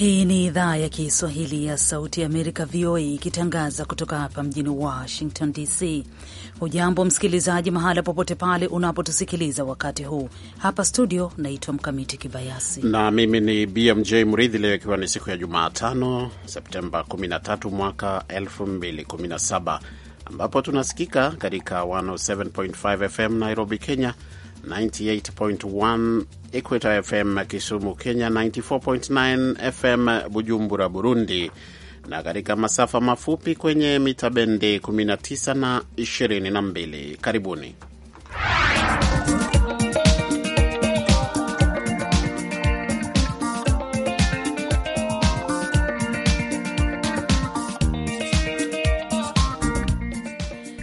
Hii ni idhaa ya Kiswahili ya Sauti ya Amerika, VOA, ikitangaza kutoka hapa mjini Washington DC. Hujambo msikilizaji, mahala popote pale unapotusikiliza wakati huu. Hapa studio, naitwa Mkamiti Kibayasi na mimi ni BMJ Mridhi. Leo ikiwa ni siku ya Jumatano, Septemba 13 mwaka 2017, ambapo tunasikika katika 107.5 FM Nairobi, Kenya 98.1 Equator FM Kisumu Kenya, 94.9 FM Bujumbura Burundi, na katika masafa mafupi kwenye mita bendi 19 na 22. Karibuni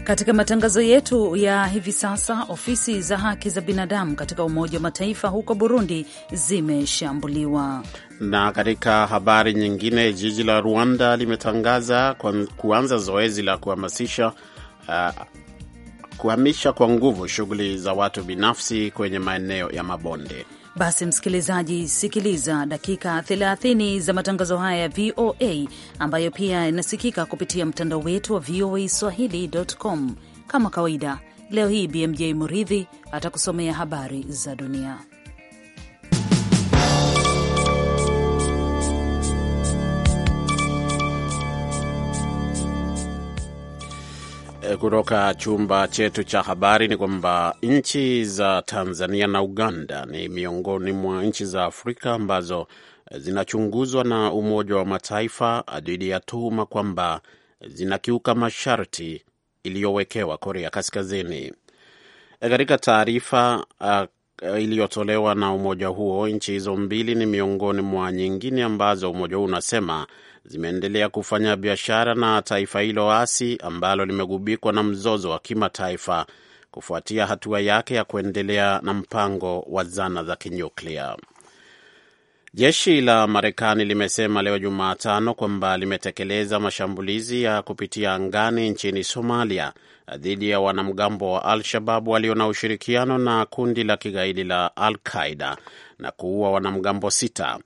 Katika matangazo yetu ya hivi sasa, ofisi za haki za binadamu katika Umoja wa Mataifa huko Burundi zimeshambuliwa. Na katika habari nyingine, jiji la Rwanda limetangaza kuanza zoezi la kuhamasisha uh, kuhamisha kwa nguvu shughuli za watu binafsi kwenye maeneo ya mabonde. Basi msikilizaji, sikiliza dakika 30 za matangazo haya ya VOA ambayo pia inasikika kupitia mtandao wetu wa VOA Swahili.com. Kama kawaida, leo hii BMJ Muridhi atakusomea habari za dunia. Eh, kutoka chumba chetu cha habari ni kwamba nchi za Tanzania na Uganda ni miongoni mwa nchi za Afrika ambazo eh, zinachunguzwa na Umoja wa Mataifa eh, dhidi ya tuhuma kwamba zinakiuka masharti iliyowekewa Korea Kaskazini. Katika taarifa uh, iliyotolewa na umoja huo, nchi hizo mbili ni miongoni mwa nyingine ambazo umoja huo unasema zimeendelea kufanya biashara na taifa hilo asi ambalo limegubikwa na mzozo wa kimataifa kufuatia hatua yake ya kuendelea na mpango wa zana za kinyuklia. Jeshi la Marekani limesema leo Jumatano kwamba limetekeleza mashambulizi ya kupitia angani nchini Somalia dhidi ya wanamgambo wa Al-Shabab walio na ushirikiano na kundi la kigaidi la Al Qaida na kuua wanamgambo sita.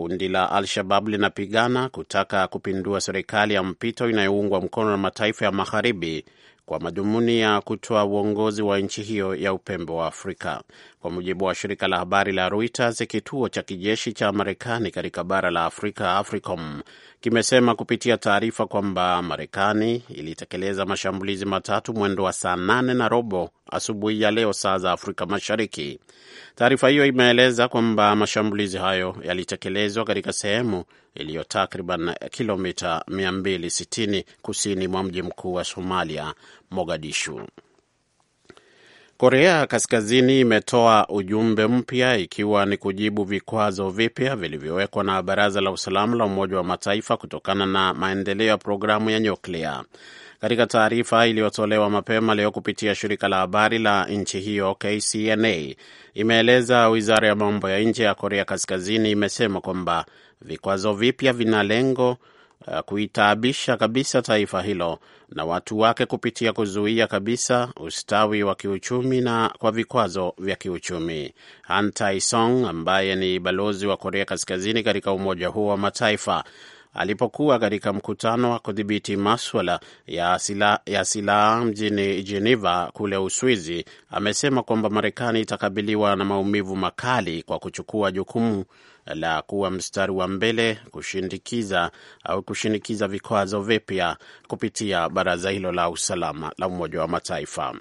Kundi la Al-Shabab linapigana kutaka kupindua serikali ya mpito inayoungwa mkono na mataifa ya magharibi kwa madhumuni ya kutoa uongozi wa nchi hiyo ya upembe wa Afrika. Kwa mujibu wa shirika la habari la Reuters, kituo cha kijeshi cha Marekani katika bara la Afrika, AFRICOM, kimesema kupitia taarifa kwamba Marekani ilitekeleza mashambulizi matatu mwendo wa saa nane na robo asubuhi ya leo saa za Afrika Mashariki. Taarifa hiyo imeeleza kwamba mashambulizi hayo yalitekelezwa katika sehemu iliyo takriban kilomita 260 kusini mwa mji mkuu wa Somalia, Mogadishu. Korea Kaskazini imetoa ujumbe mpya ikiwa ni kujibu vikwazo vipya vilivyowekwa na Baraza la Usalama la Umoja wa Mataifa kutokana na maendeleo ya programu ya nyuklia. Katika taarifa iliyotolewa mapema leo kupitia shirika la habari la nchi hiyo KCNA, imeeleza wizara ya mambo ya nje ya Korea Kaskazini imesema kwamba Vikwazo vipya vina lengo uh, kuitaabisha kabisa taifa hilo na watu wake kupitia kuzuia kabisa ustawi wa kiuchumi na kwa vikwazo vya kiuchumi. Han Tai-song ambaye ni balozi wa Korea Kaskazini katika Umoja huo wa Mataifa alipokuwa katika mkutano wa kudhibiti maswala ya silaha ya silaha mjini Geneva kule Uswizi, amesema kwamba Marekani itakabiliwa na maumivu makali kwa kuchukua jukumu la kuwa mstari wa mbele kushindikiza au kushinikiza vikwazo vipya kupitia baraza hilo la usalama la Umoja wa Mataifa.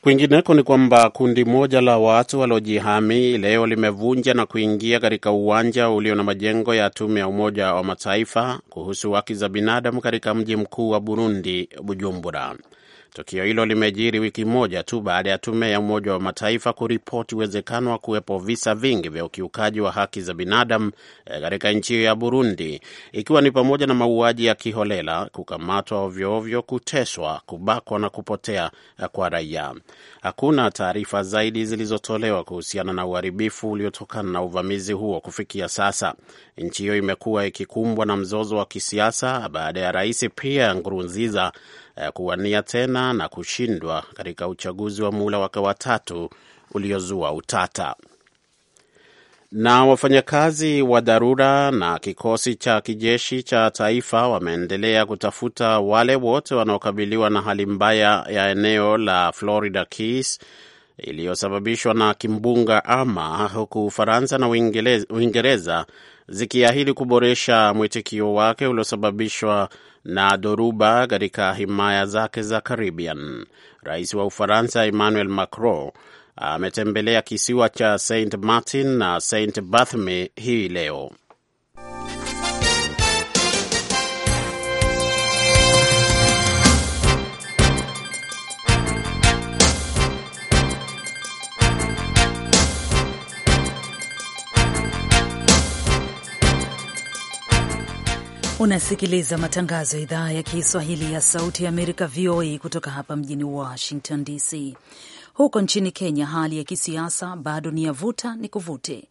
Kwingineko ni kwamba kundi moja la watu waliojihami leo limevunja na kuingia katika uwanja ulio na majengo ya tume ya Umoja wa Mataifa kuhusu haki za binadamu katika mji mkuu wa Burundi, Bujumbura. Tukio hilo limejiri wiki moja tu baada ya tume ya Umoja wa Mataifa kuripoti uwezekano wa kuwepo visa vingi vya ukiukaji wa haki za binadamu eh, katika nchi hiyo ya Burundi, ikiwa ni pamoja na mauaji ya kiholela, kukamatwa ovyoovyo, kuteswa, kubakwa na kupotea eh, kwa raia. Hakuna taarifa zaidi zilizotolewa kuhusiana na uharibifu uliotokana na uvamizi huo kufikia sasa. Nchi hiyo imekuwa ikikumbwa na mzozo wa kisiasa baada ya Rais Pierre Nkurunziza Eh, kuwania tena na kushindwa katika uchaguzi wa muhula wake wa tatu uliozua utata. Na wafanyakazi wa dharura na kikosi cha kijeshi cha taifa wameendelea kutafuta wale wote wanaokabiliwa na hali mbaya ya eneo la Florida Keys iliyosababishwa na kimbunga Ama, huku Ufaransa na Uingereza zikiahidi kuboresha mwitikio wake uliosababishwa na dhoruba katika himaya zake za Caribbean. Rais wa Ufaransa Emmanuel Macron ametembelea kisiwa cha St Martin na St Bartholomew hii leo. Unasikiliza matangazo ya idhaa ya Kiswahili ya Sauti ya Amerika, VOA, kutoka hapa mjini Washington DC. Huko nchini Kenya, hali ya kisiasa bado ni yavuta ni kuvute,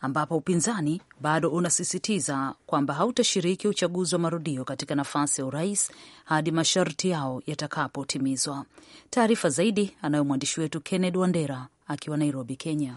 ambapo upinzani bado unasisitiza kwamba hautashiriki uchaguzi wa marudio katika nafasi ya urais hadi masharti yao yatakapotimizwa. Taarifa zaidi anayo mwandishi wetu Kenneth Wandera akiwa Nairobi, Kenya.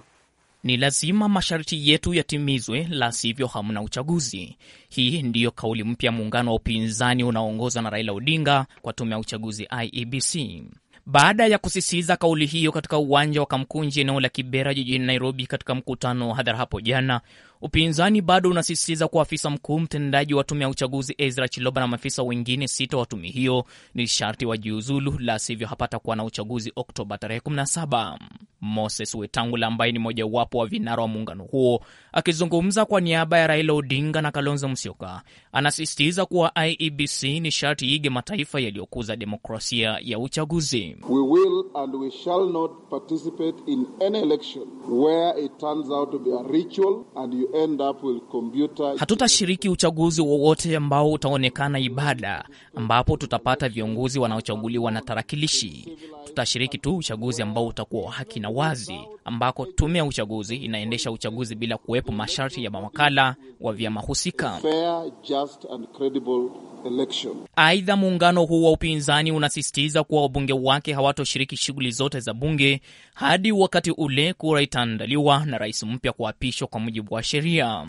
Ni lazima masharti yetu yatimizwe, la sivyo hamna uchaguzi. Hii ndiyo kauli mpya muungano wa upinzani unaoongozwa na Raila Odinga kwa tume ya uchaguzi IEBC. Baada ya kusisitiza kauli hiyo katika uwanja wa Kamkunji, eneo la Kibera jijini Nairobi, katika mkutano wa hadhara hapo jana, Upinzani bado unasisitiza kuwa afisa mkuu mtendaji wa tume ya uchaguzi Ezra Chiloba na maafisa wengine sita wa tume hiyo ni sharti wajiuzulu, la sivyo kuwa na uchaguzi Oktoba tarehe 17. Moses Wetangula ambaye ni mojawapo wa vinara wa muungano huo, akizungumza kwa niaba ya Raila Odinga na Kalonzo Musyoka, anasisitiza kuwa IEBC ni sharti iige mataifa yaliyokuza demokrasia ya uchaguzi. We will and we shall not participate in any election where it turns out to be a ritual and you Hatutashiriki uchaguzi wowote ambao utaonekana ibada, ambapo tutapata viongozi wanaochaguliwa na tarakilishi tutashiriki tu uchaguzi ambao utakuwa wa haki na wazi, ambako tume ya uchaguzi inaendesha uchaguzi bila kuwepo masharti ya mawakala wa vyama husika. Aidha, muungano huu wa upinzani unasisitiza kuwa wabunge wake hawatoshiriki shughuli zote za bunge hadi wakati ule kura itaandaliwa na rais mpya kuapishwa kwa mujibu wa sheria.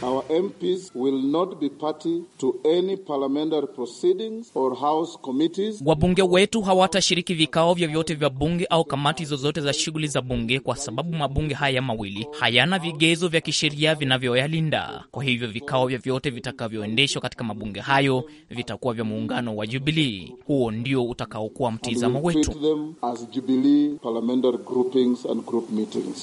Wabunge wetu hawatashiriki vikao vyovyote vya bunge au kamati zozote za shughuli za bunge, kwa sababu mabunge haya mawili hayana vigezo vya kisheria vinavyoyalinda. Kwa hivyo vikao vyovyote vitakavyoendeshwa katika mabunge hayo vitakuwa vya muungano wa Jubilii. Huo ndio utakaokuwa mtizamo wetu.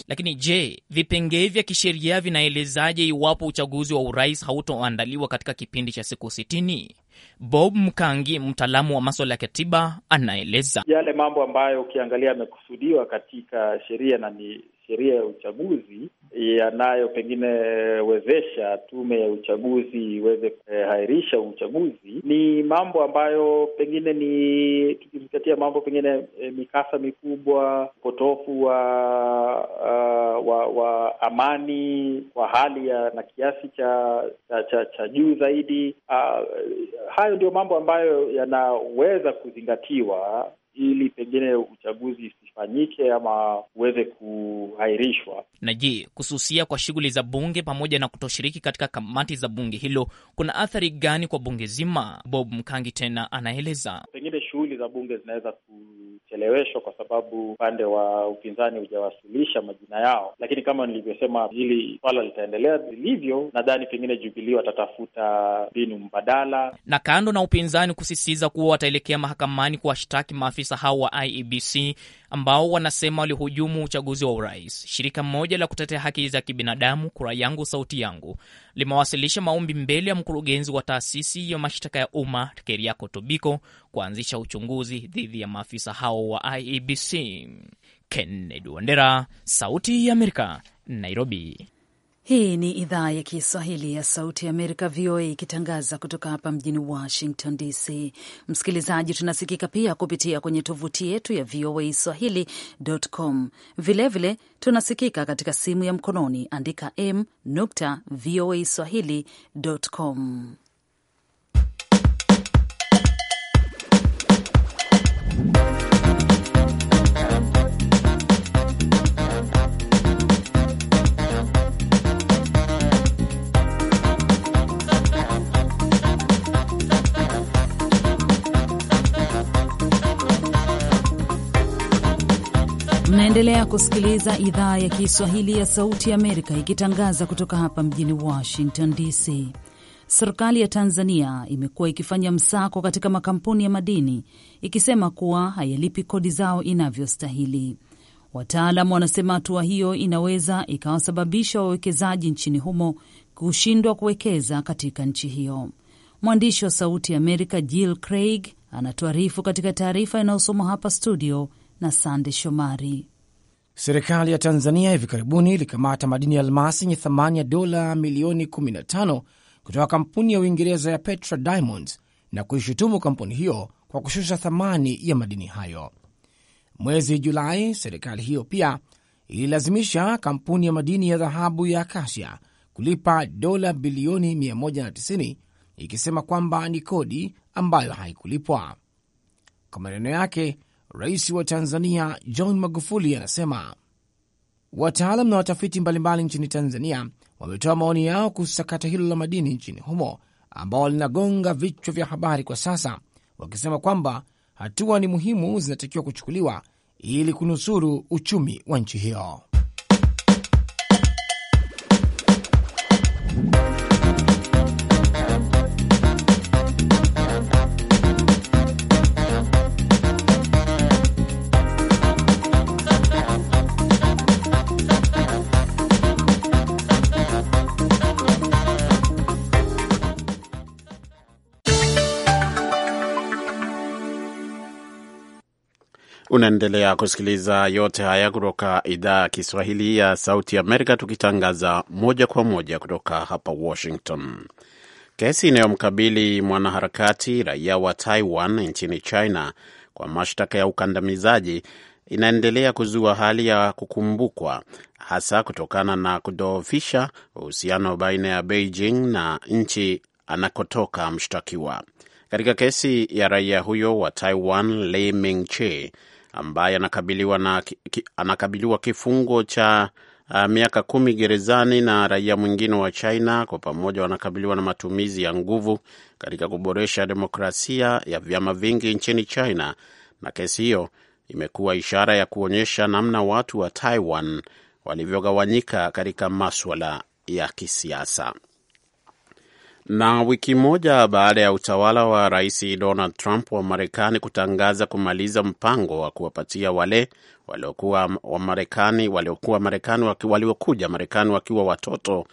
Lakini je, vipengee vya kisheria vinaelezaje iwapo uchaguzi wa urais hautoandaliwa katika kipindi cha siku sitini? Bob Mkangi, mtaalamu wa maswala ya katiba, anaeleza yale mambo ambayo ukiangalia yamekusudiwa katika sheria na ni sheria ya uchaguzi yanayo pengine wezesha tume ya uchaguzi iweze kuahirisha uchaguzi, ni mambo ambayo pengine ni tukizingatia mambo pengine e, mikasa mikubwa, upotofu wa, uh, wa wa amani kwa hali ya na kiasi cha cha, cha, cha juu zaidi. Uh, hayo ndio mambo ambayo yanaweza kuzingatiwa ili pengine uchaguzi usifanyike ama uweze kuhairishwa. Na je, kususia kwa shughuli za bunge pamoja na kutoshiriki katika kamati za bunge hilo kuna athari gani kwa bunge zima? Bob Mkangi tena anaeleza, pengine shughuli za bunge zinaweza kucheleweshwa kwa sababu upande wa upinzani hujawasilisha majina yao, lakini kama nilivyosema, hili swala litaendelea vilivyo. Nadhani pengine Jubilii watatafuta mbinu mbadala, na kando na upinzani kusisitiza kuwa wataelekea mahakamani kuwashtaki maafisa hao wa IEBC ambao wanasema walihujumu uchaguzi wa urais. Shirika moja la kutetea haki za kibinadamu Kura Yangu Sauti Yangu limewasilisha maombi mbele ya mkurugenzi wa taasisi ya mashtaka ya umma Keriako Tobiko kuanzisha uchunguzi dhidi ya maafisa hao wa IEBC. Kennedy Wandera, Sauti ya Amerika, Nairobi. Hii ni idhaa ya Kiswahili ya Sauti ya Amerika, VOA, ikitangaza kutoka hapa mjini Washington DC. Msikilizaji, tunasikika pia kupitia kwenye tovuti yetu ya VOA swahili.com. Vilevile tunasikika katika simu ya mkononi, andika m nukta voa swahili.com. Mnaendelea kusikiliza idhaa ya Kiswahili ya Sauti ya Amerika ikitangaza kutoka hapa mjini Washington DC. Serikali ya Tanzania imekuwa ikifanya msako katika makampuni ya madini ikisema kuwa hayalipi kodi zao inavyostahili. Wataalam wanasema hatua hiyo inaweza ikawasababisha wawekezaji nchini humo kushindwa kuwekeza katika nchi hiyo. Mwandishi wa Sauti ya Amerika Jill Craig anatuarifu katika taarifa inayosomwa hapa studio na Sande Shomari. Serikali ya Tanzania hivi karibuni ilikamata madini ya almasi yenye thamani ya dola milioni 15 kutoka kampuni ya Uingereza ya Petra Diamonds na kuishutumu kampuni hiyo kwa kushusha thamani ya madini hayo. Mwezi Julai, serikali hiyo pia ililazimisha kampuni ya madini ya dhahabu ya Akasia kulipa dola bilioni 190 ikisema kwamba ni kodi ambayo haikulipwa. Kwa maneno yake, Rais wa Tanzania John Magufuli anasema wataalam na watafiti mbalimbali nchini Tanzania wametoa maoni yao kuhusu sakata hilo la madini nchini humo ambao linagonga vichwa vya habari kwa sasa, wakisema kwamba hatua ni muhimu zinatakiwa kuchukuliwa ili kunusuru uchumi wa nchi hiyo. Unaendelea kusikiliza yote haya kutoka idhaa ya Kiswahili ya Sauti Amerika, tukitangaza moja kwa moja kutoka hapa Washington. Kesi inayomkabili mwanaharakati raia wa Taiwan nchini China kwa mashtaka ya ukandamizaji inaendelea kuzua hali ya kukumbukwa, hasa kutokana na kudhoofisha uhusiano baina ya Beijing na nchi anakotoka mshtakiwa. Katika kesi ya raia huyo wa Taiwan Lei Ming Che, ambaye anakabiliwa, na, ki, anakabiliwa kifungo cha uh, miaka kumi gerezani na raia mwingine wa China. Kwa pamoja wanakabiliwa na matumizi ya nguvu katika kuboresha demokrasia ya vyama vingi nchini China, na kesi hiyo imekuwa ishara ya kuonyesha namna watu wa Taiwan walivyogawanyika katika maswala ya kisiasa. Na wiki moja baada ya utawala wa Rais Donald Trump wa Marekani kutangaza kumaliza mpango wa kuwapatia wale waliokuwa Marekani waliokuwa Marekani waliokuja Marekani wakiwa watoto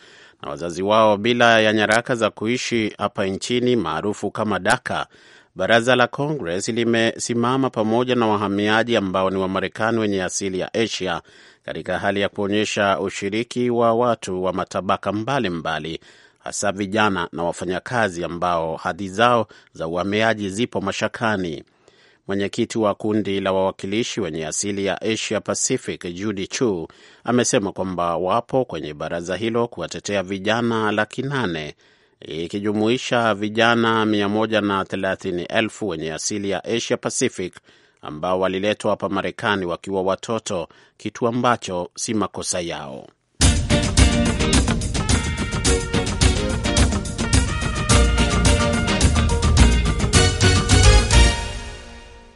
na wazazi wao bila ya nyaraka za kuishi hapa nchini maarufu kama DACA, baraza la Congress limesimama pamoja na wahamiaji ambao ni Wamarekani wenye asili ya Asia katika hali ya kuonyesha ushiriki wa watu wa matabaka mbalimbali mbali hasa vijana na wafanyakazi ambao hadhi zao za uhamiaji zipo mashakani. Mwenyekiti wa kundi la wawakilishi wenye asili ya Asia Pacific Judy Chu amesema kwamba wapo kwenye baraza hilo kuwatetea vijana laki nane ikijumuisha vijana 130,000 wenye asili ya Asia Pacific ambao waliletwa hapa Marekani wakiwa watoto, kitu ambacho si makosa yao.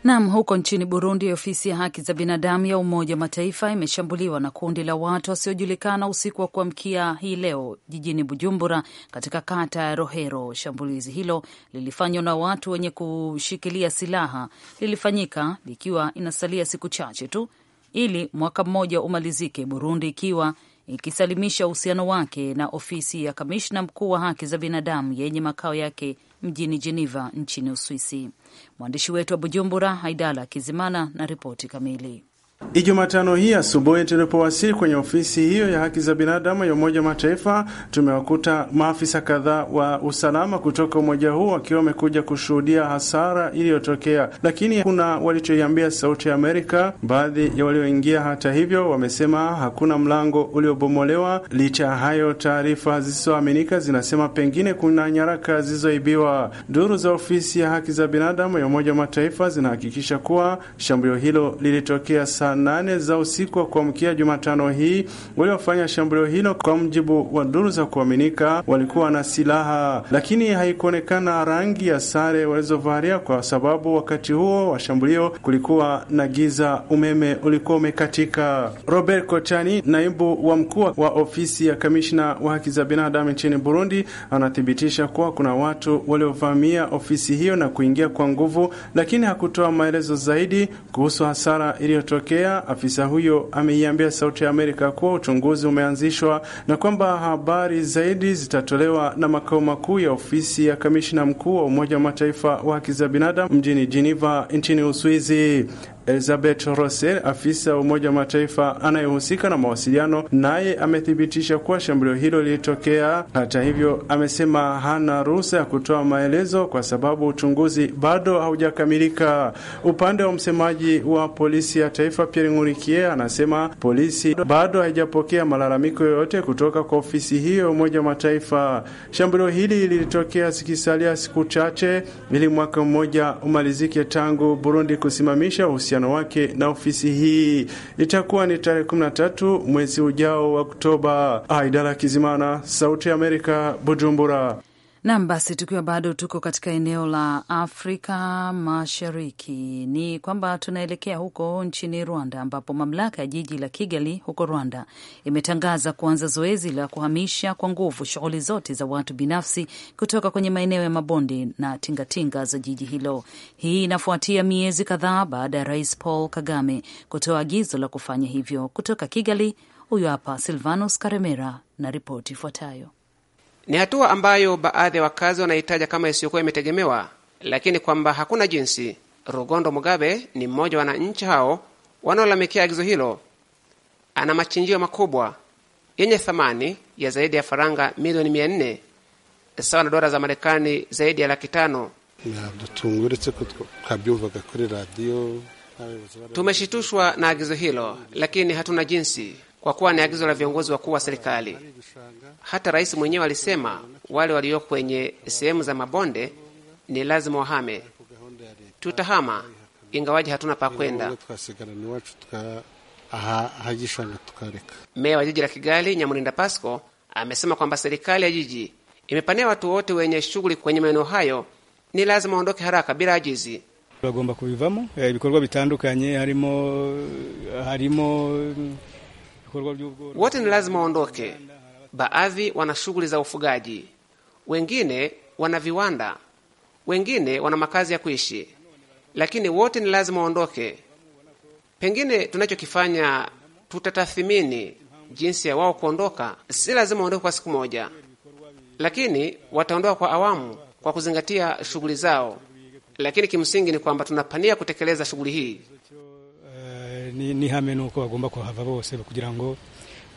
Nam, huko nchini Burundi, ofisi ya haki za binadamu ya Umoja wa Mataifa imeshambuliwa na kundi la watu wasiojulikana usiku wa kuamkia hii leo jijini Bujumbura, katika kata ya Rohero. Shambulizi hilo lilifanywa na watu wenye kushikilia silaha, lilifanyika likiwa inasalia siku chache tu ili mwaka mmoja umalizike, Burundi ikiwa ikisalimisha uhusiano wake na ofisi ya kamishna mkuu wa haki za binadamu yenye makao yake mjini Geneva nchini Uswisi. Mwandishi wetu wa Bujumbura, Haidala Kizimana, na ripoti kamili. Ijumatano hii asubuhi tulipowasili kwenye ofisi hiyo ya haki za binadamu ya Umoja wa Mataifa, tumewakuta maafisa kadhaa wa usalama kutoka umoja huo wakiwa wamekuja kushuhudia hasara iliyotokea, lakini kuna walichoiambia Sauti ya Amerika. Baadhi ya walioingia, hata hivyo, wamesema hakuna mlango uliobomolewa. Licha ya hayo, taarifa zisizoaminika zinasema pengine kuna nyaraka zilizoibiwa. Duru za ofisi ya haki za binadamu ya Umoja wa Mataifa zinahakikisha kuwa shambulio hilo lilitokea saa nane za usiku wa kuamkia Jumatano hii waliofanya shambulio hilo, kwa mjibu wa duru za kuaminika, walikuwa na silaha, lakini haikuonekana rangi ya sare walizovalia, kwa sababu wakati huo wa shambulio kulikuwa na giza, umeme ulikuwa umekatika. Robert Kochani, naibu wa mkuu wa ofisi ya kamishna wa haki za binadamu nchini Burundi, anathibitisha kuwa kuna watu waliovamia ofisi hiyo na kuingia kwa nguvu, lakini hakutoa maelezo zaidi kuhusu hasara iliyotokea kuendelea, afisa huyo ameiambia Sauti ya Amerika kuwa uchunguzi umeanzishwa na kwamba habari zaidi zitatolewa na makao makuu ya ofisi ya kamishina mkuu wa Umoja wa Mataifa wa haki za binadamu mjini Geneva nchini Uswizi. Elizabeth Rosel, afisa wa Umoja wa Mataifa anayehusika na mawasiliano, naye amethibitisha kuwa shambulio hilo lilitokea. Hata hivyo, amesema hana ruhusa ya kutoa maelezo kwa sababu uchunguzi bado haujakamilika. Upande wa msemaji wa polisi ya taifa Pierre Ngurikie anasema polisi bado haijapokea malalamiko yoyote kutoka kwa ofisi hiyo ya Umoja wa Mataifa. Shambulio hili lilitokea zikisalia siku chache ili mwaka mmoja umalizike tangu Burundi kusimamisha uhusiano ushirikiano wake na ofisi hii. Itakuwa ni tarehe 13 mwezi ujao wa Oktoba. Aidara Kizimana, Sauti ya Amerika, Bujumbura. Nam, basi tukiwa bado tuko katika eneo la Afrika Mashariki, ni kwamba tunaelekea huko nchini Rwanda, ambapo mamlaka ya jiji la Kigali huko Rwanda imetangaza kuanza zoezi la kuhamisha kwa nguvu shughuli zote za watu binafsi kutoka kwenye maeneo ya mabonde na tingatinga za jiji hilo. Hii inafuatia miezi kadhaa baada ya Rais Paul Kagame kutoa agizo la kufanya hivyo. Kutoka Kigali, huyo hapa Silvanus Karemera na ripoti ifuatayo. Ni hatua ambayo baadhi ya wakazi wanaitaja kama isiyokuwa imetegemewa, lakini kwamba hakuna jinsi. Rugondo Mugabe ni mmoja wa wananchi hao wanaolalamikia agizo hilo. Ana machinjio makubwa yenye thamani ya zaidi ya faranga milioni mia nne sawa na dola za Marekani zaidi ya laki tano. Tumeshitushwa na agizo hilo, lakini hatuna jinsi kwa kuwa ni agizo la viongozi wakuu wa serikali. Hata rais mwenyewe alisema wale walio kwenye sehemu za mabonde ni lazima wahame. Tutahama ingawaji hatuna pa kwenda. Meya wa jiji la Kigali Nyamulinda Pasco amesema kwamba serikali ya jiji imepania watu wote wenye shughuli kwenye maeneo hayo ni lazima waondoke haraka bila ajizi bagomba kubivamo ibikorwa eh, bitandukanye harimo harimo wote ni lazima waondoke. Baadhi wana shughuli za ufugaji, wengine wana viwanda, wengine wana makazi ya kuishi, lakini wote ni lazima waondoke. Pengine tunachokifanya, tutatathimini jinsi ya wao kuondoka. Si lazima waondoke kwa siku moja, lakini wataondoka kwa awamu, kwa kuzingatia shughuli zao. Lakini kimsingi ni kwamba tunapania kutekeleza shughuli hii n'ihame ni uko bagomba kuhava bose kugira ngo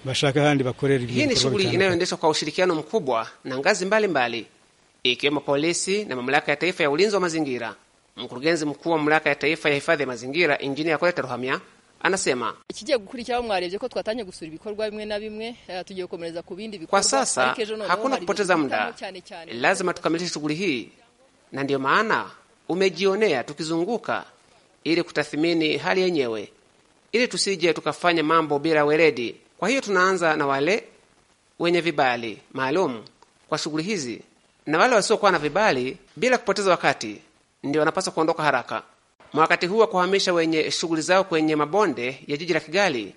bashaka ahandi bakorera. Hii ni shughuli inayoendeshwa kwa ushirikiano mkubwa na ngazi mbalimbali ikiwemo polisi na mamlaka ya taifa ya ulinzi wa mazingira. Mkurugenzi mkuu wa mamlaka ya taifa ya hifadhi ya mazingira Injinia Koleta Ruhamya anasema ikigiye gukurikiraho mwarebye ko twatanye gusura ibikorwa bimwe na bimwe eh, tugiye gukomereza ku bindi bikorwa. Kwa sasa hakuna kupoteza muda, lazima tukamilishe shughuli hii, na ndiyo maana umejionea tukizunguka ili kutathmini hali yenyewe ili tusije tukafanya mambo bila weledi. Kwa hiyo tunaanza na wale wenye vibali maalum kwa shughuli hizi, na wale wasiokuwa na vibali, bila kupoteza wakati, ndio wanapaswa kuondoka haraka. Mwakati huu wa kuhamisha wenye shughuli zao kwenye mabonde ya jiji la Kigali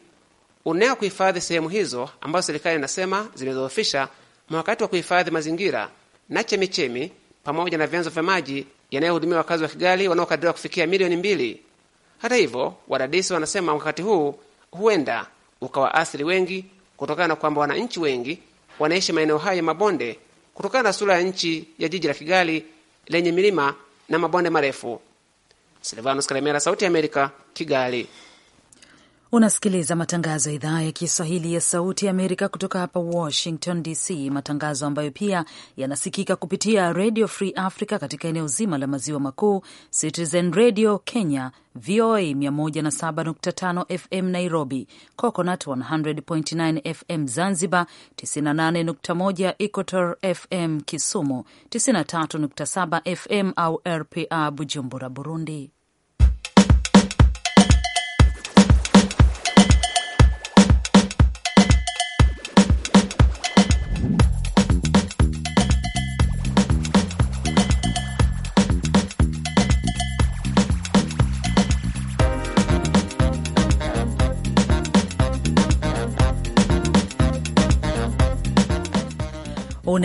Unea kuhifadhi sehemu hizo ambazo serikali inasema zimedhoofisha mwakati wa kuhifadhi mazingira na chemichemi pamoja na vyanzo vya maji yanayohudumia wakazi wa Kigali wanaokadiriwa kufikia milioni mbili hata hivyo, wadadisi wanasema wakati huu huenda ukawaathiri wengi kutokana na kwamba wananchi wengi wanaishi maeneo hayo ya mabonde kutokana na sura ya nchi ya jiji la Kigali lenye milima na mabonde marefu. Silvanus Karemera, Sauti ya Amerika, Kigali. Unasikiliza matangazo ya idhaa ya Kiswahili ya Sauti ya Amerika kutoka hapa Washington DC, matangazo ambayo pia yanasikika kupitia Radio Free Africa katika eneo zima la maziwa makuu, Citizen Radio Kenya, VOA 107.5 FM Nairobi, Coconut 100.9 FM Zanzibar, 98.1 Equator FM Kisumu, 93.7 FM au RPA Bujumbura, Burundi.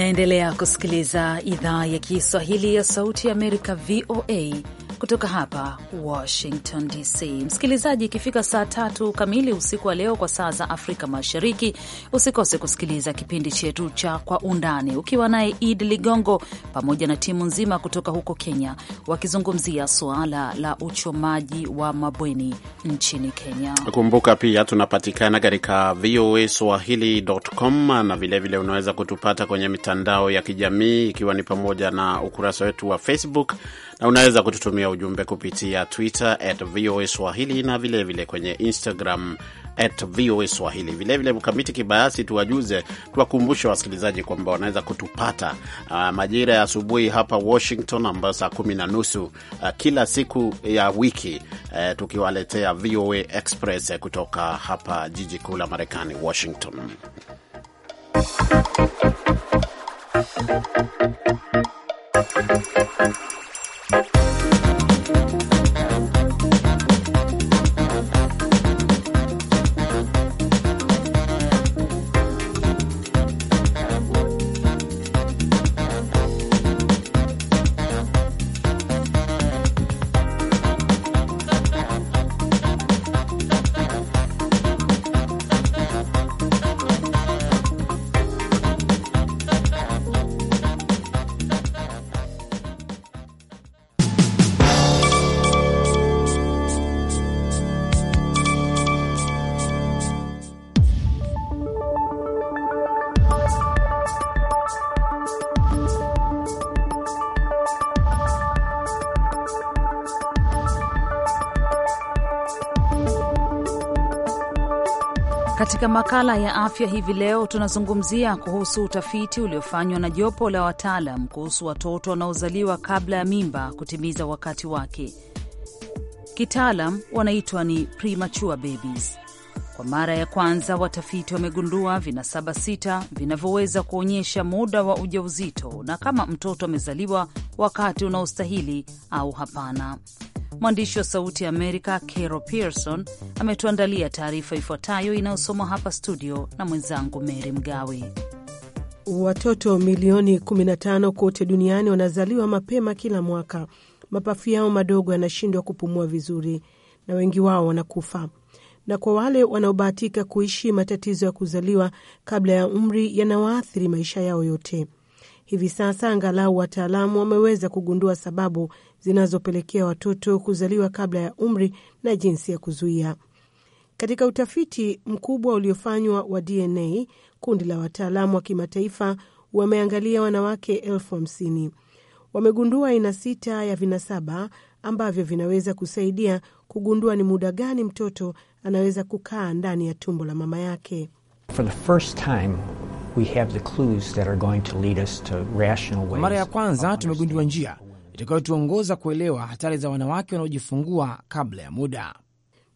Unaendelea kusikiliza idhaa ya Kiswahili ya Sauti ya Amerika, VOA, kutoka hapa Washington DC. Msikilizaji, ikifika saa tatu kamili usiku wa leo kwa saa za Afrika Mashariki, usikose kusikiliza kipindi chetu cha Kwa Undani ukiwa naye Id Ligongo pamoja na timu nzima kutoka huko Kenya, wakizungumzia suala la uchomaji wa mabweni nchini Kenya. Kumbuka pia tunapatikana katika VOA swahili.com na vilevile unaweza kutupata kwenye mitandao ya kijamii ikiwa ni pamoja na ukurasa wetu wa Facebook na unaweza kututumia ujumbe kupitia Twitter at VOA Swahili na vilevile vile kwenye Instagram at VOA Swahili. Vilevile Mkamiti Kibayasi, tuwajuze tuwakumbushe wasikilizaji kwamba wanaweza kutupata uh, majira ya asubuhi hapa Washington, ambayo saa kumi na nusu uh, kila siku ya wiki uh, tukiwaletea VOA Express uh, kutoka hapa jiji kuu la Marekani, Washington. Thank you. Katika makala ya afya hivi leo tunazungumzia kuhusu utafiti uliofanywa na jopo la wataalam kuhusu watoto wanaozaliwa kabla ya mimba kutimiza wakati wake. Kitaalam wanaitwa ni premature babies. Kwa mara ya kwanza watafiti wamegundua vinasaba sita vinavyoweza kuonyesha muda wa ujauzito na kama mtoto amezaliwa wakati unaostahili au hapana. Mwandishi wa Sauti ya Amerika Caro Pearson ametuandalia taarifa ifuatayo inayosomwa hapa studio na mwenzangu Mery Mgawe. Watoto milioni 15 kote duniani wanazaliwa mapema kila mwaka. Mapafu yao madogo yanashindwa kupumua vizuri na wengi wao wanakufa. Na kwa wale wanaobahatika kuishi, matatizo ya kuzaliwa kabla ya umri yanawaathiri maisha yao yote. Hivi sasa angalau wataalamu wameweza kugundua sababu zinazopelekea watoto kuzaliwa kabla ya umri na jinsi ya kuzuia. Katika utafiti mkubwa uliofanywa wa DNA, kundi la wataalamu wa kimataifa wameangalia wanawake elfu hamsini. Wamegundua aina sita ya vinasaba ambavyo vinaweza kusaidia kugundua ni muda gani mtoto anaweza kukaa ndani ya tumbo la mama yake. Kwa mara ya kwanza tumegundua njia itakayotuongoza kuelewa hatari za wanawake wanaojifungua kabla ya muda.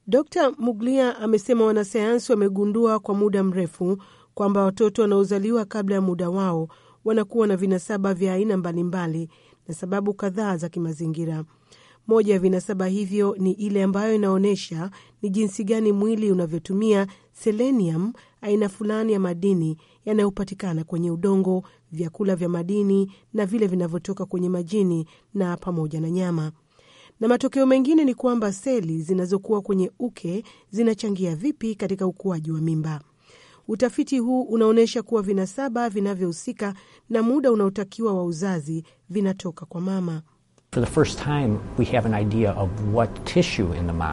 Dr Muglia amesema wanasayansi wamegundua kwa muda mrefu kwamba watoto wanaozaliwa kabla ya muda wao wanakuwa na vinasaba vya aina mbalimbali na sababu kadhaa za kimazingira. Moja ya vinasaba hivyo ni ile ambayo inaonyesha ni jinsi gani mwili unavyotumia selenium, aina fulani ya madini yanayopatikana kwenye udongo, vyakula vya madini na vile vinavyotoka kwenye majini na pamoja na nyama. Na matokeo mengine ni kwamba seli zinazokuwa kwenye uke zinachangia vipi katika ukuaji wa mimba. Utafiti huu unaonyesha kuwa vinasaba vinavyohusika na muda unaotakiwa wa uzazi vinatoka kwa mama.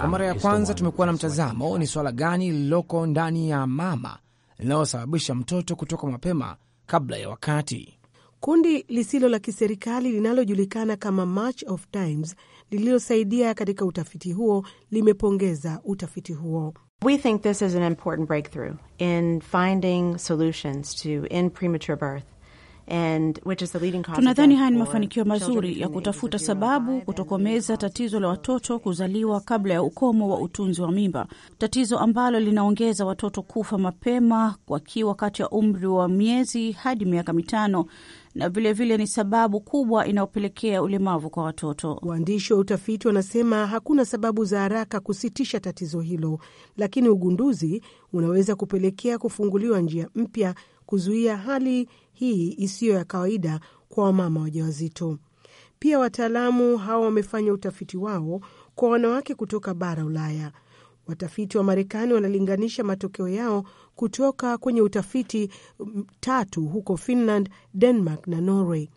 Kwa mara ya kwanza tumekuwa na mtazamo, ni swala gani lililoko ndani ya mama linalosababisha mtoto kutoka mapema kabla ya wakati. Kundi lisilo la kiserikali linalojulikana kama March of Dimes lililosaidia katika utafiti huo limepongeza utafiti huo. We think this is an important breakthrough in finding solutions to end premature birth. Tunadhani haya ni mafanikio mazuri ya kutafuta sababu kutokomeza tatizo la watoto kuzaliwa kabla ya ukomo wa utunzi wa mimba, tatizo ambalo linaongeza watoto kufa mapema wakiwa kati ya umri wa miezi hadi miaka mitano na vilevile vile ni sababu kubwa inayopelekea ulemavu kwa watoto. Waandishi wa utafiti wanasema hakuna sababu za haraka kusitisha tatizo hilo, lakini ugunduzi unaweza kupelekea kufunguliwa njia mpya kuzuia hali hii isiyo ya kawaida kwa wamama wajawazito. Pia wataalamu hawa wamefanya utafiti wao kwa wanawake kutoka bara Ulaya. Watafiti wa Marekani wanalinganisha matokeo yao kutoka kwenye utafiti mm, tatu huko Finland, Denmark na Norway.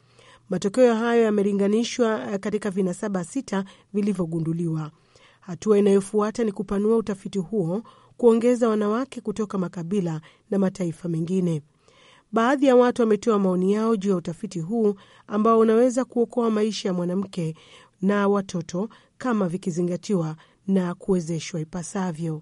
Matokeo hayo yamelinganishwa eh, katika vinasaba sita vilivyogunduliwa. Hatua inayofuata ni kupanua utafiti huo, kuongeza wanawake kutoka makabila na mataifa mengine. Baadhi ya watu wametoa maoni yao juu ya utafiti huu ambao unaweza kuokoa maisha ya mwanamke na watoto kama vikizingatiwa na kuwezeshwa ipasavyo.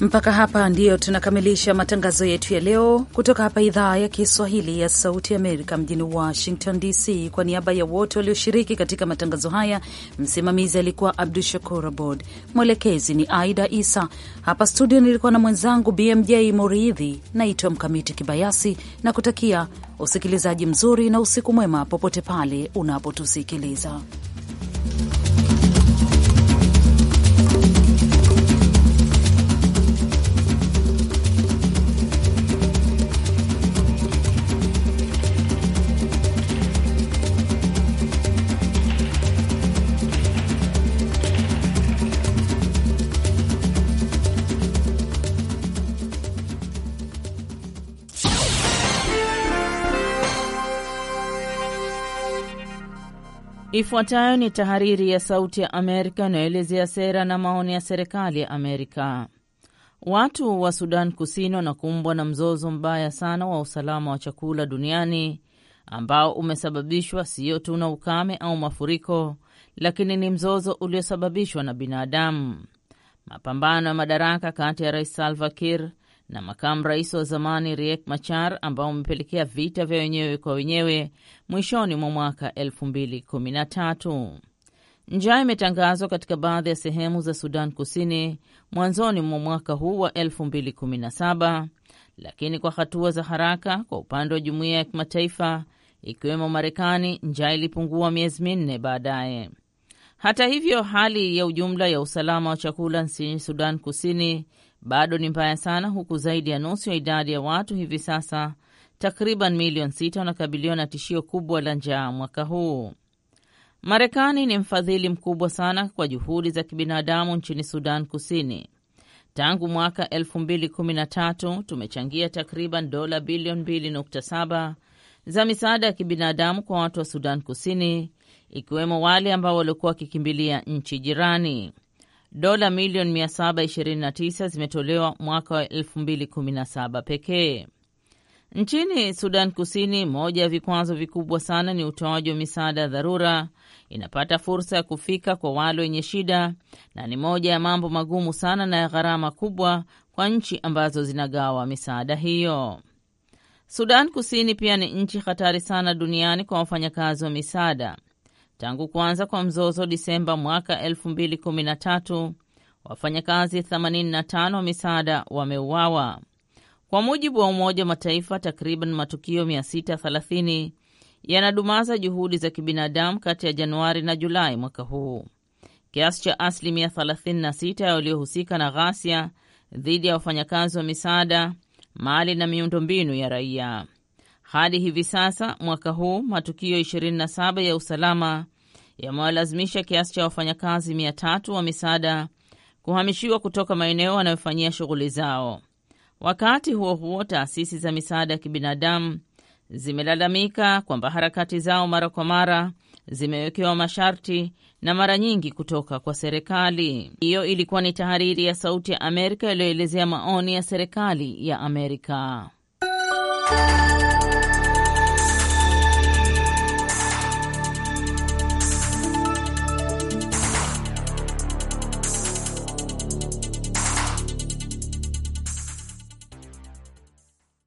Mpaka hapa ndiyo tunakamilisha matangazo yetu ya leo kutoka hapa idhaa ya Kiswahili ya Sauti Amerika mjini Washington DC. Kwa niaba ya wote walioshiriki katika matangazo haya, msimamizi alikuwa Abdu Shakur Abod, mwelekezi ni Aida Isa. Hapa studio nilikuwa na mwenzangu BMJ Muridhi. Naitwa Mkamiti Kibayasi na kutakia usikilizaji mzuri na usiku mwema popote pale unapotusikiliza. Ifuatayo ni tahariri ya Sauti ya Amerika inayoelezea sera na maoni ya serikali ya Amerika. Watu wa Sudan Kusini wanakumbwa na mzozo mbaya sana wa usalama wa chakula duniani ambao umesababishwa siyo tu na ukame au mafuriko, lakini ni mzozo uliosababishwa na binadamu. Mapambano ya madaraka kati ya Rais Salva Kiir na makamu rais wa zamani Riek Machar ambao umepelekea vita vya wenyewe kwa wenyewe mwishoni mwa mwaka 2013. Njaa imetangazwa katika baadhi ya sehemu za Sudan Kusini mwanzoni mwa mwaka huu wa 2017, lakini kwa hatua za haraka kwa upande wa jumuiya ya kimataifa ikiwemo Marekani, njaa ilipungua miezi minne baadaye. Hata hivyo, hali ya ujumla ya usalama wa chakula nchini Sudan Kusini bado ni mbaya sana, huku zaidi ya nusu ya idadi ya watu hivi sasa takriban milioni sita wanakabiliwa na tishio kubwa la njaa mwaka huu. Marekani ni mfadhili mkubwa sana kwa juhudi za kibinadamu nchini Sudan Kusini. Tangu mwaka 2013 tumechangia takriban dola bilioni 2.7 za misaada ya kibinadamu kwa watu wa Sudan Kusini, ikiwemo wale ambao walikuwa wakikimbilia nchi jirani dola milioni 729 zimetolewa mwaka wa 2017 pekee. Nchini Sudan Kusini, moja ya vikwazo vikubwa sana ni utoaji wa misaada ya dharura inapata fursa ya kufika kwa wale wenye shida, na ni moja ya mambo magumu sana na ya gharama kubwa kwa nchi ambazo zinagawa misaada hiyo. Sudan Kusini pia ni nchi hatari sana duniani kwa wafanyakazi wa misaada Tangu kuanza kwa mzozo Disemba mwaka 2013 wafanyakazi 85 wa misaada wameuawa. Kwa mujibu wa Umoja wa Mataifa, takriban matukio 630 yanadumaza juhudi za kibinadamu kati ya Januari na Julai mwaka huu. Kiasi cha asilimia 36 ya waliohusika na ghasia dhidi ya wafanyakazi wa misaada, mali na miundombinu ya raia. Hadi hivi sasa mwaka huu matukio 27 ya usalama yamewalazimisha kiasi cha wafanyakazi 300 wa misaada kuhamishiwa kutoka maeneo wanayofanyia shughuli zao. Wakati huo huo, taasisi za misaada ya kibinadamu zimelalamika kwamba harakati zao mara kwa mara zimewekewa masharti na mara nyingi kutoka kwa serikali. Hiyo ilikuwa ni tahariri ya Sauti ya Amerika iliyoelezea maoni ya serikali ya Amerika.